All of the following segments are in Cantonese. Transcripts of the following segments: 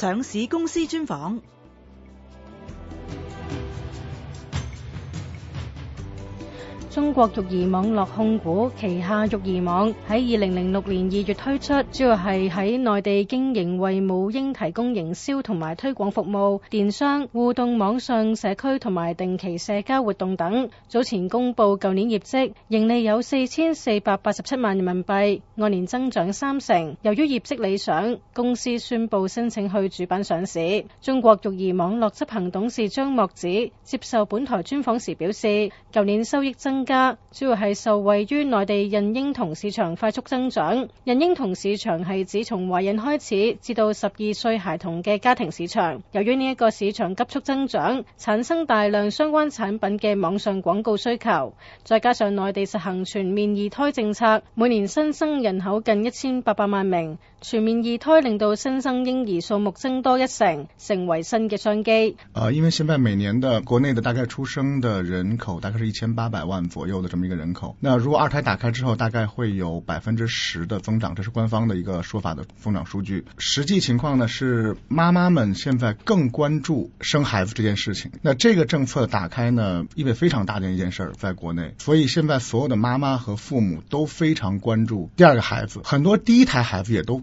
上市公司專訪。中國育兒網絡控股旗下育兒網喺二零零六年二月推出，主要係喺內地經營，為母嬰提供營銷同埋推廣服務、電商、互動網上社區同埋定期社交活動等。早前公布舊年業績，盈利有四千四百八十七萬人民幣，按年增長三成。由於業績理想，公司宣布申請去主板上市。中國育兒網絡執行董事張漠子接受本台專訪時表示，舊年收益增。家主要係受惠於內地孕嬰童市場快速增長。孕嬰童市場係指從懷孕開始至到十二歲孩童嘅家庭市場。由於呢一個市場急速增長，產生大量相關產品嘅網上廣告需求，再加上內地實行全面二胎政策，每年新生人口近一千八百萬名。全面二胎令到新生嬰兒數目增多一成，成為新嘅商機。呃，因為現在每年的國內的大概出生的人口大概是一千八百萬左右的這麼一個人口。那如果二胎打開之後，大概會有百分之十的增長，這是官方的一個說法的增長數據。實際情況呢，是媽媽們現在更關注生孩子這件事情。那這個政策打開呢，意味非常大的一件事，在國內。所以現在所有的媽媽和父母都非常關注第二個孩子，很多第一胎孩子也都。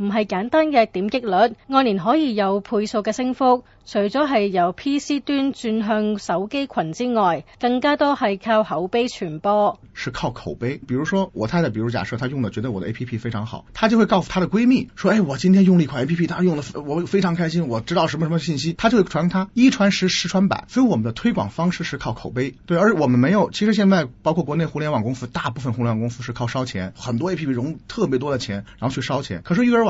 唔係簡單嘅點擊率，按年可以有倍數嘅升幅。除咗係由 P C 端轉向手機群之外，更加多係靠口碑傳播。是靠口碑，比如說我太太，比如假設她用的覺得我的 A P P 非常好，她就會告訴她的閨蜜，說：，誒、哎，我今天用了一款 A P P，她用的我非常開心，我知道什麼什麼信息，她就會傳給，她一傳十，十傳百。所以我們的推廣方式是靠口碑，對，而我們沒有。其實現在包括國內互聯網公司，大部分互聯網公司是靠燒錢，很多 A P P 融特別多嘅錢，然後去燒錢。可是育兒網。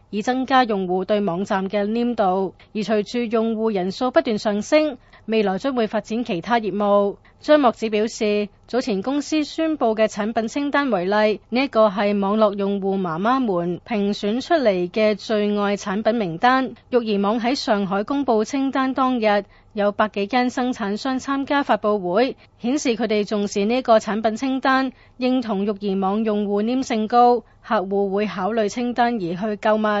以增加用戶對網站嘅黏度，而隨住用戶人數不斷上升，未來將會發展其他業務。張漠子表示，早前公司宣布嘅產品清單為例，呢個係網絡用戶媽媽們評選出嚟嘅最愛產品名單。育兒網喺上海公布清單當日，有百幾間生產商參加發佈會，顯示佢哋重視呢個產品清單，認同育兒網用戶黏性高，客戶會考慮清單而去購物。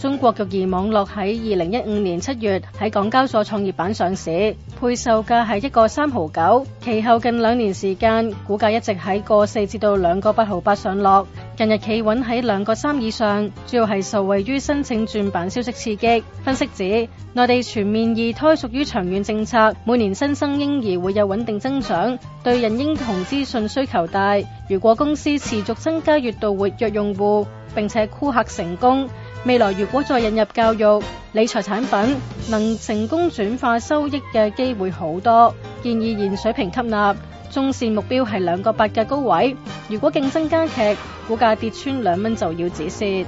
中國育兒網絡喺二零一五年七月喺港交所創業板上市，配售價係一個三毫九，其後近兩年時間股價一直喺個四至到兩個八毫八上落，近日企穩喺兩個三以上，主要係受惠於申請轉板消息刺激。分析指內地全面二胎屬於長遠政策，每年新生嬰兒會有穩定增長，對孕嬰童資訊需求大。如果公司持續增加月度活躍用戶，並且酷客成功。未來如果再引入教育、理財產品，能成功轉化收益嘅機會好多。建議現水平吸納，中線目標係兩個八嘅高位。如果競爭加劇，股價跌穿兩蚊就要止蝕。